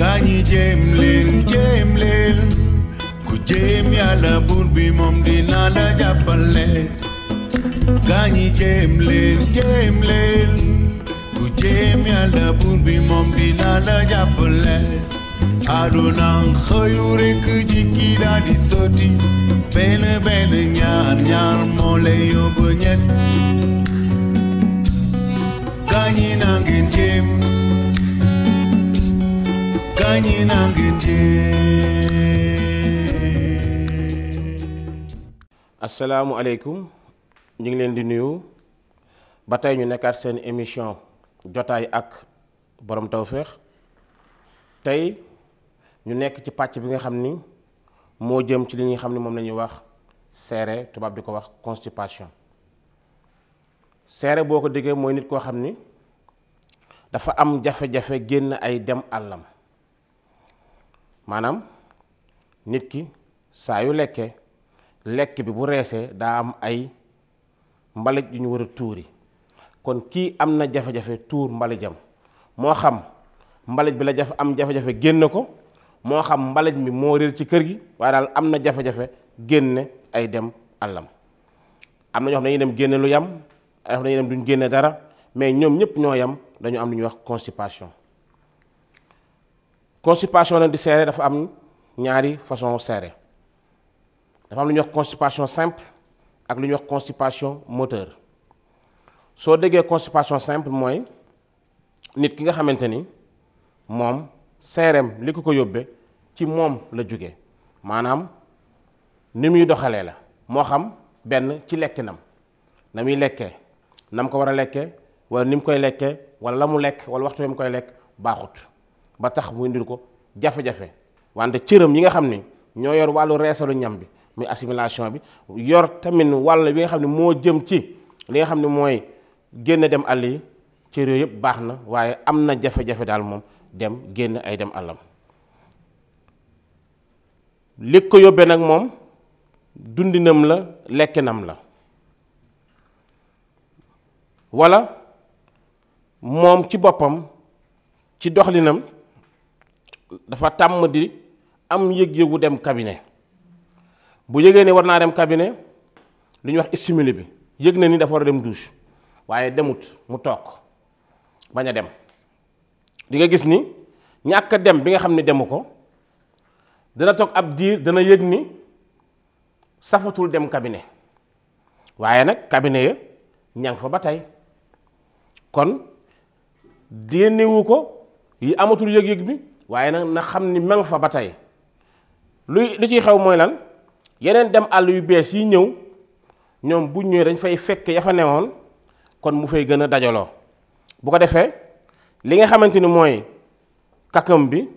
gaa ñi jéem leen jéem leen ku jéem yàlla buur bi moom dina la jàppale gaa ñi jéem leen jéem leen ku jéem yàlla buur bi moom dina la jàppale aduna xëyu rekk jikki daa di sotti benn benn ñaar ñaar moo lay yóbbu ñett ñi na ngeen jéem kanye nangendee asalaamualeykum ñu ngi leen di nuyu ba tey ñu nekkaat seen émission jotaay ak boroom tawféex tey ñu nekk ci pàcc bi nga xam ni moo jëm ci li ñuy xam ni moom la ñuy wax seere tubaab di ko wax constipation seere boo ko déggee mooy nit koo xam ni dafa am jafe-jafe génn ay dem àllam maanaam nit ki saa yu lekkee lekk bi bu reesee daa am ay mbalit yu ñu war a tuuri kon kii am na jafe-jafe tuur mbalijam moo xam mbalit bi la jafe am jafe-jafe génn ko moo xam mbalit mi moo réer ci kër gi waaye daal am na jafe-jafe génne ay dem àllam am na ñoo xam ne dañuy dem génne lu yam ay xam ne dem duñ génne dara mais ñoom ñëpp ñoo yam dañu am lu ñuy wax constipation constipation na di seere dafa am ñaari façon seere dafa am lu ñuy wax constipation simple ak lu ñuy wax constipation moteur soo déggee constipation simple mooy nit ki nga xamante ni moom seereem li ko ko yóbbee ci moom la jóge maanaam ni muy doxalee la moo xam benn ci lekkinam na muy lekkee na ko war a lekkee wala ni mu koy lekkee wala la mu lekk wala waxtu mu koy lekk baaxut ba tax mu indil ko jafe-jafe wante cëram yi nga xam ni ñoo yor wàllu reesalu ñam bi muy assimilation bi yor tamit wàll bi nga xam ne moo jëm ci li nga xam ne mooy génn dem àll yi cër yooyu yëpp baax na waaye am na jafe-jafe daal moom dem génn ay dem àllam li ko yóbbee nag moom dundinam la lekkinam la walla moom ci boppam ci doxlinam dafa tàmm di am yëg-yëgu dem kabine bu yëgee ne war naa dem kabine lu ñuy wax stimulé bi yëg na ni dafa war a dem douche waaye demut mu toog bañ a dem dinga gis ni ñàkk dem bi nga xam ne demu ko dana toog ab diir dana yëg ni safatul dem kabine waaye nag kabine ya ña fa ba tey kon dénnewu ko yi amatul yëg-yëg bi waaye nag na xam ni ma fa ba tey luy lu ciy xew mooy lan yeneen dem àll yu bees yi ñëw ñoom bu ñëwee dañ fay fekk yafa fa newoon kon mu fay gën a dajaloo bu ko defee li nga xamante ni mooy kakam bi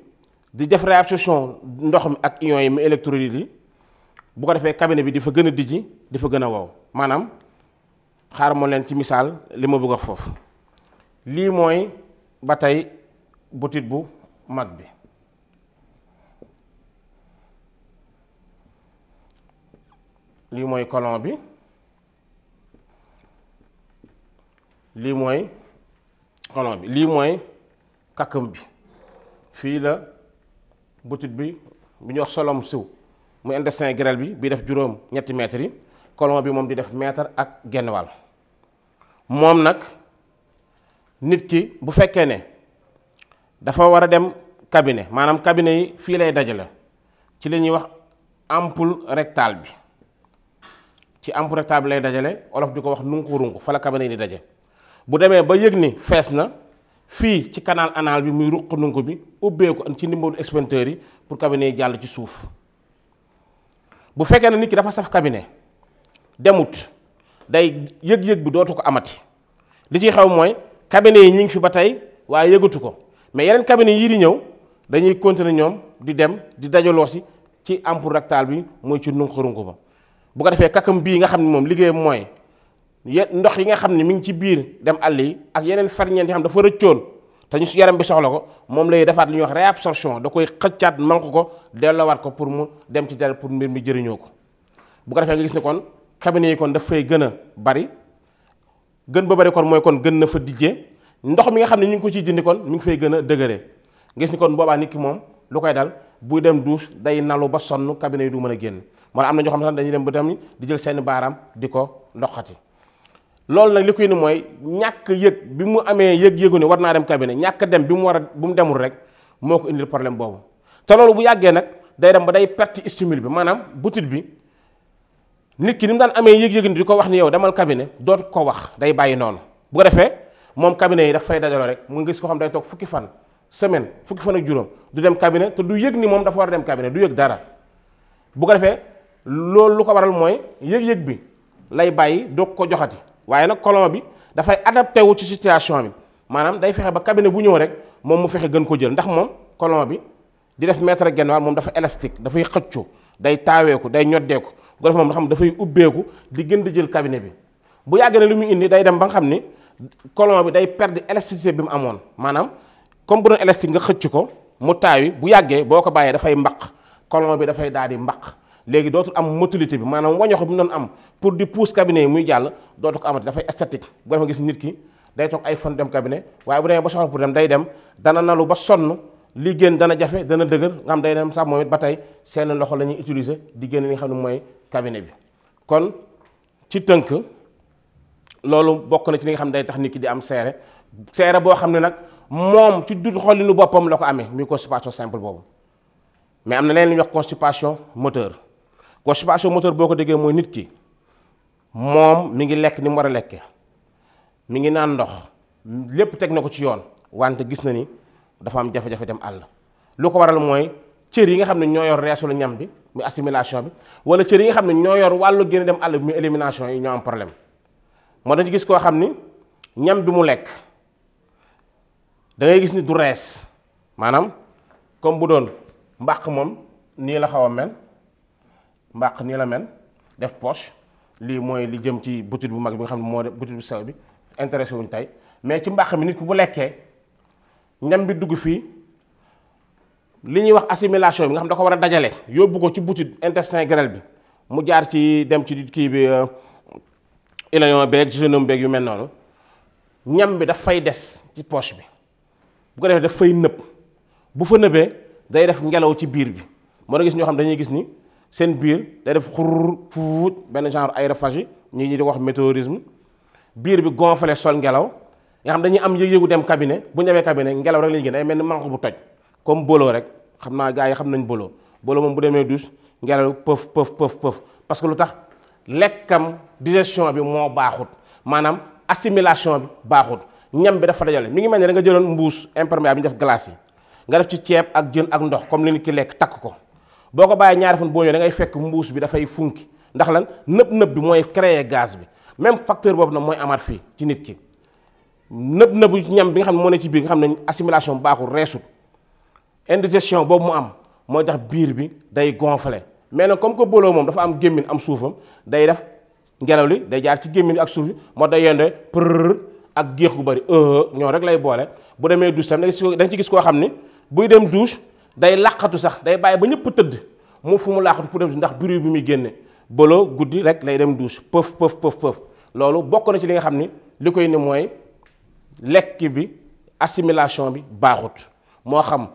di def réabsorption ndox mi ak ion yi mu électrolyte yi bu ko defee cabinet bi di fa gën a dijji di fa gën a wow maanaam xaar moo leen ci misaal li ma bëgg a foofu lii mooy ba tey butit bu mag bi lii mooy colon bi lii mooy colon bi lii mooy kakkam bi fii la butit bi bi ñu wax solom siw muy intestin grêle bi bi def juróom ñetti mètres yi colon bi moom di def mètre ak genn moom nag nit ki bu fekkee ne dafa war a dem cabinet maanaam cabinet yi fii lay dajale ci li ñuy wax ampoule rectale bi ci ampoule rectale bi lay dajale olof di ko wax nunkurunku fa la cabinet yi di daje bu demee ba yëg ni fees na fii ci canal anal bi muy ruq nunku bi ubbeeku ci ndimbalu extincteur yi pour cabinet yi jàll ci suuf bu fekkee ne nit ki dafa saf kabine demut day yëg-yëg bi dootu ko amati li ciy xew mooy cabinet yi ñu ngi fi ba tey waaye yëgatu ko mais yeneen cabinet yii di ñëw dañuy continuer ñoom di dem di dajaloo si ci ampoule rectale bi mooy ci nunqurunku ba bu ko defee kakam bii nga xam ne moom liggéeyam mooy ndox yi nga xam ne mu ngi ci biir dem àll yi ak yeneen ferñeent yi xam dafa rëccoon te ñu yaram bi soxla ko moom lay defaat lu ñuy wax réabsorption da koy xëccaat manque ko delloowaat ko pour mu dem ci dara pour mbir mi jëriñoo ko bu ko defee nga gis ne kon cabinet yi kon daf fay gën a bari gën ba bari kon mooy kon gën na fa dijjee ndox mi nga xam ne ñu ngi ko ciy dindi kon mi ngi fay gën a dëgëree gis ni kon boobaa nit ki moom lu koy dal buy dem douche day nalu ba sonn cabinet yi du mën a génn moo am na ñoo xam ne dañuy dem ba tamit di jël seen baaraam di ko ndoxati loolu nag li koy ni mooy ñàkk yëg bi mu amee yëg-yëgu ne war naa dem cabinet ñàkk dem bi mu war a bu mu demul rek moo ko indil problème boobu te bu yàggee nag day dem ba perte stimule bi maanaam butit bi nit ki ni mu amee yëg-yëg di ko wax ni yow demal kabine dootu ko wax day bàyyi noonu bu ko defee moom cabinet yi daf fay dajaloo rek mu gis ko xam day toog fukki fan semaine fukki fan ak juróom du dem cabinet te du yëg ni moom dafa war a dem cabinet du yëg dara bu ko defee loolu lu ko waral mooy yëg-yëg bi lay bàyyi doog ko joxati waaye nag colon bi dafay adapté wu ci situation bi maanaam day fexe ba cabinet bu ñëw rek moom mu fexe gën ko jël ndax moom colon bi di def mètre genn wàll moom dafa élastique dafay xëccu day taaweeku day ñoddeeku bu ko xam dafay ubbeeku di gën di jël cabinet bi bu yàggee ne lu muy indi day dem ba nga xam ni colon bi day perdre élasticité bi mu amoon maanaam comme bu doon élastique nga xëcc ko mu taawi bu yàggee boo ko bàyyee dafay mbaq colon bi dafay daal di mbaq léegi dootul am motilité bi maanaam wañox bi mu doon am pour di pousse cabinet yi muy jàll dootu ko amati dafay esthétique bu dafa gis nit ki day toog ay fan dem cabinet waaye bu demee ba soxla pour dem day dem dana nalu ba sonn li génn dana jafe dana dëgër nga xam day dem sax moom it ba tey seen loxo la ñuy utiliser di génn li nga xam mooy cabinet bi kon ci tënk loolu bokk na ci li nga xam ne day tax nit ki di am seere seere boo xam ne nag moom ci dut xoolinu boppam la ko amee muy constipation simple boobu mais am na leen lu ñuy constipation moteur constipation moteur boo ko déggee mooy nit ki moom mi ngi lekk ni mu war a lekke mi ngi naan ndox lépp teg na ko ci yoon wante gis na ni dafa am jafe-jafe dem àll lu ko waral mooy cër yi nga xam ne ñoo yor reesu ñam bi muy assimilation bi wala cër yi nga xam ne ñoo yor wàllu génn dem àll bi yi ñoo am problème moo dañu gis koo xam ni ñam bi mu lekk dangay gis ni du rees maanaam comme bu doon mbaq moom nii la xaw a mel mbàq nii la mel def poche lii mooy li jëm ci butit bu mag bi nga xam ne moo de butit bu sew bi intéressé wuñ tey mais ci mbàq mi nit ku bu lekkee ñam bi dugg fii li ñuy wax assimilation bi nga xam da ko war a dajale yóbbu ko ci butit intestin grêle bi mu jaar ci dem ci kii bi euh, élayon beeg genome beeg yu mel noonu ñam bi daf fay des ci poche bi bu ko defee daf fay nëb bu fa nëbee day def ngelaw ci biir bi moo na gis ñoo xam dañuy gis ni seen biir day def xurr fuut benn genre aérophagie ñi ñi di wax météorisme biir bi gonflé sol ngelaw nga xam dañuy am yëg-yëgu dem kabine bu ñu demee cabinet ngelaw rek la ñu gën day mel ni manque bu toj comme bolo rek xam naa gaa yi xam nañ bolo bolo moom bu demee douche ngelaw pëf pëf lekkam digestion bi moo baaxut maanaam assimilation bi baaxut ñam bi dafa dajale mu ngi mel ne da nga jëloon mbuus imperméable bi ñu def glace yi nga def ci ceeb ak jën ak ndox comme li nit ki lekk takk ko boo ko bàyyee ñaare fan boo ñëwee da ngay fekk mbuus bi dafay funki ndax lan nëb nëb bi mooy créer gaz bi même facteur boobu nag mooy amaat fii ci nit ki nëb nëbu ñam bi nga xam ne moo ne ci biir nga xam ne assimilation baaxul reesut indigestion boobu mu am mooy tax biir bi day gonfler mais nag comme que booloo moom dafa am gémmin am suufam day def ngelaw li day jaar ci gémmin ak suuf bi moo day yendee prr ak géex gu bëri ñoom rek lay boole bu demee douche tam da nga ci gis koo xam ni buy dem douche day laqatu sax day bàyyi ba ñëpp tëdd mu fu mu laqatu pour dem ndax bruit bi muy génne booloo guddi rek lay dem duus pëf pëf pëf pëf loolu bokk na ci li nga xam ni li koy ni mooy lekk bi assimilation bi baaxut moo xam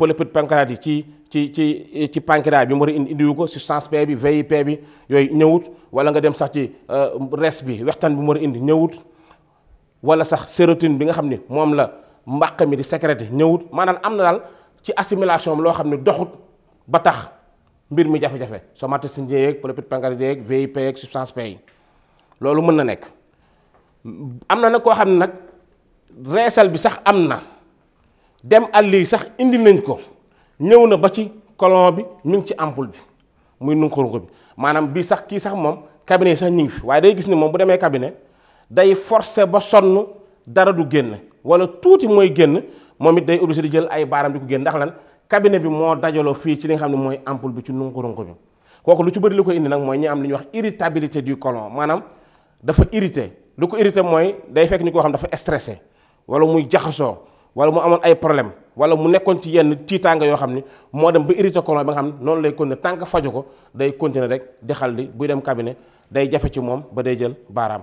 polypeptide pancréatique ci ci ci ci pancréas bi mu war a indi indiwu ko substance P bi VIP bi yooyu ñëwut wala nga dem sax ci euh, res bi wextaan bi mu war a indi ñëwut wala sax sérotonine bi nga xam ne moom la mbàq mi di sécrété ñëwut maanaam am na daal ci assimilation loo xam ne doxut ba tax mbir mi jafe-jafe somatosine yeeg polypeptide pancréatique yeeg VIP yeeg substance P yi loolu mën na nekk am na nag koo xam ne nag reesal bi sax am na dem àll yi sax indi nañ ko ñëw na ba ci colon bi mi ngi ci ampoule bi muy nunkurunko bi maanaam bii sax kii sax moom cabinet yi sax ñu ngi fi waaye day gis ni moom bu demee cabinet day forcer ba sonn dara du génn wala tuuti mooy génn moom it day obligé di jël ay baaram di ku génn ndax lan cabinet bi moo dajaloo fii ci li xam ne mooy ampoule bi ci nunkurunko bi kooku lu ci bëri lu ko indi nag mooy ñi am li ñuy wax irritabilité di colon maanaam dafa irrité lu ko irrité mooy day fekk ni koo xam dafa stressé wala muy jaxasoo wala mu amoon ay problème wala mu nekkoon ci yenn tiitaanga yoo xam ni moo dem ba irrité ko ba nga xam ne noonu lay continuer tant que faju ko day continuer rek di xal di buy dem kabine day jafe ci moom ba day jël baaraam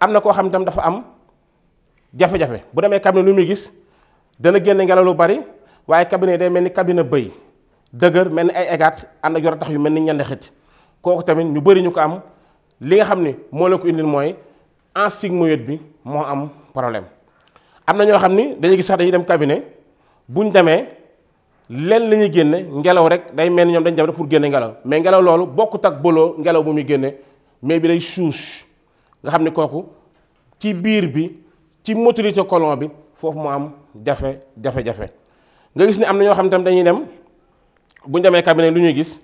am na koo xam tam dafa am jafe-jafe bu demee cabinet lu muy gis dana génn ngelaw lu bari waaye cabinet day mel ni cabinet bëy dëgër mel ni ay égaat ànd ak yor tax yu mel ni ñendi xit kooku tamit ñu bëri ñu ko am li nga xam ni moo la ko indil mooy en sigmoïde bi moo am problème am na ñoo xam ni dañuy gis sax dañuy dem cabinet buñ demee lenn lañuy ñuy génne ngelaw rek day mel ni ñoom dañ dem rek pour génne ngelaw mais ngelaw loolu bokk ak boloo ngelaw bu muy génne mais bi day suus nga xam ni kooku ci biir bi ci motilité colon bi foofu mu am jafe jafe-jafe nga gis ni am na ñoo xam tam dañuy dem buñ demee cabinet lu ñuy gis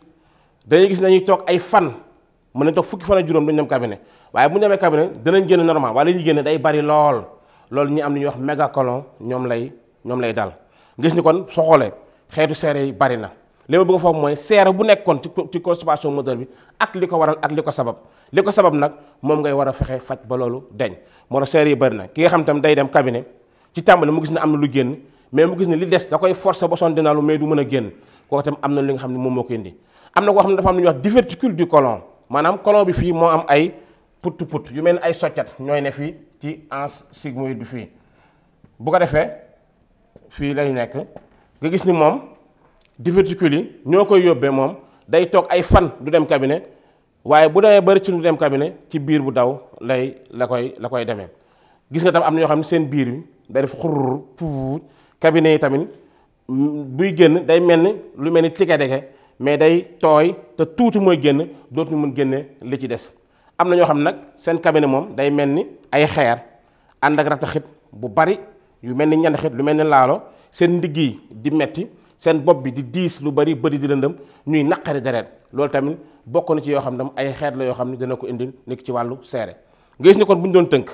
dañuy gis dañuy toog ay fan mën nañ toog fukki fan ak juróom dañu dem cabinet waaye bu demee cabinet danañ génn normal waaye la ñuy génne day bari lool loolu ñi am lu ñuy wax mégacolon ñoom lay ñoom lay daal gis ni kon soo xoolee xeetu seere yi bari na li ma foofu mooy seere bu nekkoon ci ci constipation moteur bi ak li ko waral ak li ko sabab li ko sabab nag moom ngay war a fexe faj ba loolu deñ moo tax seere yi bari na ki nga xam tam day dem cabinet ci tàmbali mu gis ne am na lu génn mais mu gis ne li des da koy force ba son dina lu mais du mën a génn kooku tam am na li nga xam ne moom moo ko indi am na koo xam ne dafa am lu ñuy wax diverticule du colon maanaam moo am ay put put yu mel ni ay soccat ñooy ne fii ci anse sigmoïde du fii bu ko defee fii lay nekk nga gis ni moom diverticules yi ñoo koy yóbbee moom day toog ay fan du dem cabinet waaye bu demee bari ci du dem cabinet ci biir bu daw lay la koy la koy deme gis nga tam am na ñoo xam ne seen biir bi day def xurr puuf cabinet yi tamit mm, buy génn day mel ni lu mel ni tike deke mais day tooy te tuuti mooy génn dootuñu mun génne li ci des am na ñoo xam nag seen cabinet moom day mel ni ay xeer ànd ak rataxit bu bari yu mel ni ñandaxit lu mel ni laalo seen ndigg di metti seen bopp bi di diis lu bari bëri di lëndëm ñuy naqari deret loolu tamit bokk na ci yoo xam ne ay xeet la yoo xam ne dana ko indil nekk ci wàllu seere nga gis ni kon bu ñu doon tënk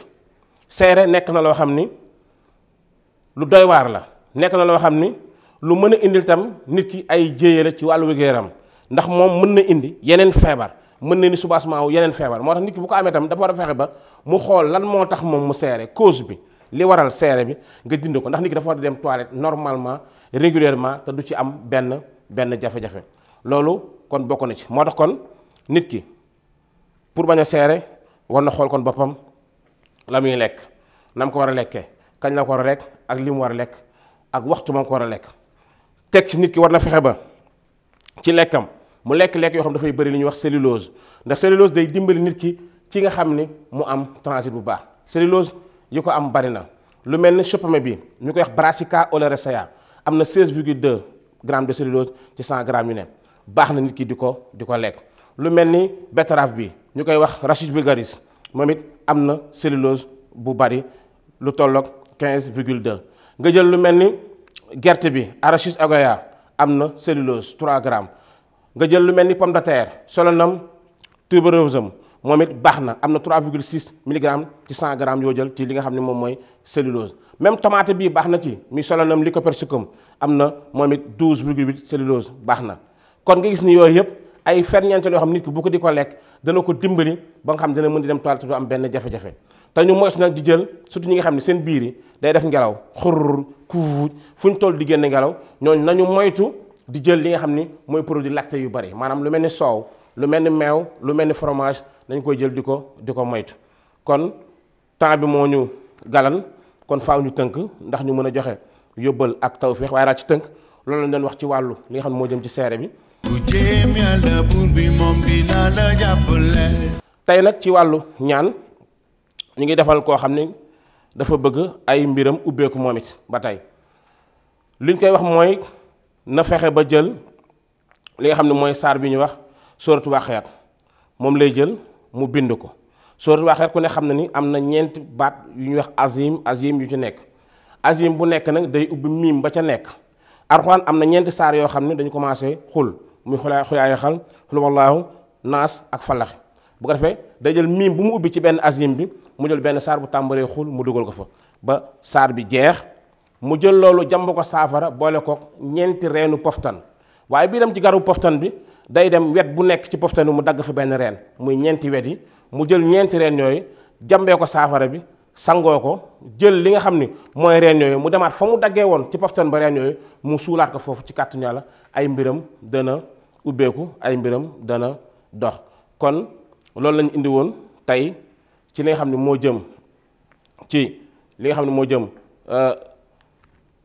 seere nekk na loo xam ni lu doy waar la nekk na loo xam ni lu mën a indil tam nit ki ay jéeye ci wàllu wér ndax moom mën na indi yeneen feebar mën na ni soubassement wu yeneen feebar moo tax nit ki bu ko amee tam dafa war a fexe ba mu xool lan moo tax moom mu seere cause bi li waral seere bi nga dind ko ndax nit ki dafa war a dem toilette normalement régulièrement te du ci am benn benn jafe-jafe loolu kon bokk na ci moo tax kon nit ki pour bañ a seere war na xool kon boppam la muy lekk nam ko war a lekkee kañ la ko war a lekk ak li mu war a lekk ak waxtu ma ko war a lekk teg ci nit ki war na fexe ba ci lekkam mu lekk lekk yoo xam dafay bëri li ñuy wax cellulose ndax cellulose day dimbali nit ki ci nga xam ni mu am transit bu baax cellulose yi ko am bari na lu mel ni chopame bi ñu koy wax brassica oleracea am na 16 virgule 2 grammes de ci 100 grammes yu ne baax na nit di ko di ko lekk lu mel ni betterave bi ñu koy wax rachis vulgaris moom it am na cellulose bu bari lu tolloog quinze virgule 2 nga jël lu mel ni gerte bi arachis agoya am na cellulose 3 grammes nga jël lu mel ni pomme de terre solanum tuberosum moom it baax na am na 3,6 mg ci 100 g yoo jël ci li nga xam ne moom mooy cellulose même tomate bii baax na ci mi ko lycopersicum am na moom it 12,8 cellulose baax na kon nga gis ni yooyu yëpp ay ferñeent yoo xam nit ki bu ko di ko lekk dana ko dimbali ba nga xam dana mën di dem toilette du am benn jafe-jafe te ñu moytu nag di jël surtout ñi nga xam ne seen biir yi day def ngelaw xurr kuuj fu ñu toll di génn ngelaw ñooñu nañu di jël li nga xam ni mooy produit lacté yu bari maanaam lu mel ni soow lu mel ni meew lu mel ni fromage dañ koy jël di ko di ko moytu kon temps bi moo ñu galan kon faw ñu tënk ndax ñu mën a joxe yóbbal ak tawféex waaye daal ci tënk loolu lañ doon wax ci wàllu li nga xam ne moo jëm ci seere bi. bu bi moom tey nag ci wàllu ñaan ñu ngi defal koo xam ni dafa bëgg ay mbiram ubbeeku moom it ba tey liñ koy wax mooy. na fexe ba jël li nga xam ne mooy saar bi ñuy wax sóoratu Waaqia moom lay jël mu bind ko sóoratu Waaqia ku ne xam na ni am na ñeenti baat yu ñu wax azim azim yu ci nekk azim bu nekk nag day ubbi miim ba ca nekk Alxuraan am na ñeenti saar yoo xam ne dañu commencé xul muy xulaay xulaay xal xul wallaahu naas ak falaxi bu ko defee day jël miim bu mu ubbi ci benn azim bi mu jël benn saar bu tàmbalee xul mu dugal ko fa ba saar bi jeex mu jël loolu jàmb ko saafara boole ko ñeenti reenu poftan waaye bii dem ci garu poftan bi day dem wet bu nekk ci poftan bi mu dagg fa benn reen muy ñeenti wet yi mu jël ñeenti reen yooyu jàmbee ko saafara bi sangoo ko jël li nga xam ni mooy reen yooyu mu demaat fa mu daggee woon ci poftan ba reen yooyu mu suulaat ko foofu ci kàttu Yàlla ay mbiram dana ubbeeku ay mbiram dana dox kon loolu lañu indi woon tey ci li nga xam ne moo jëm ci li nga xam ne moo jëm euh,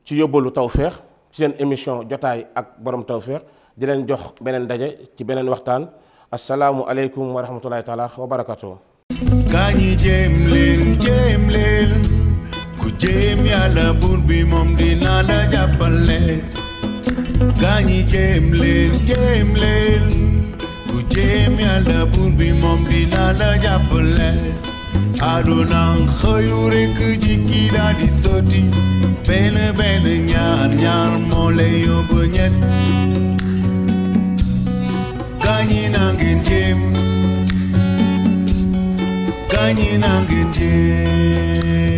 ci yóbbalu tawféex ci seen émission jotaay ak boroom tawféex di leen jox beneen daje ci beneen waxtaan asalaamu aleykum wa rahmatulahi taala wa barakatuh gaa jéem leen jéem leen ku jéem yàlla buur bi moom dina la la jàppale aduna xëyu rekk jikki daal di sotti benn benn ñaar ñaar moo lay yóbbu ñett gaañi naa ngeen jéem gaañi naa ngeen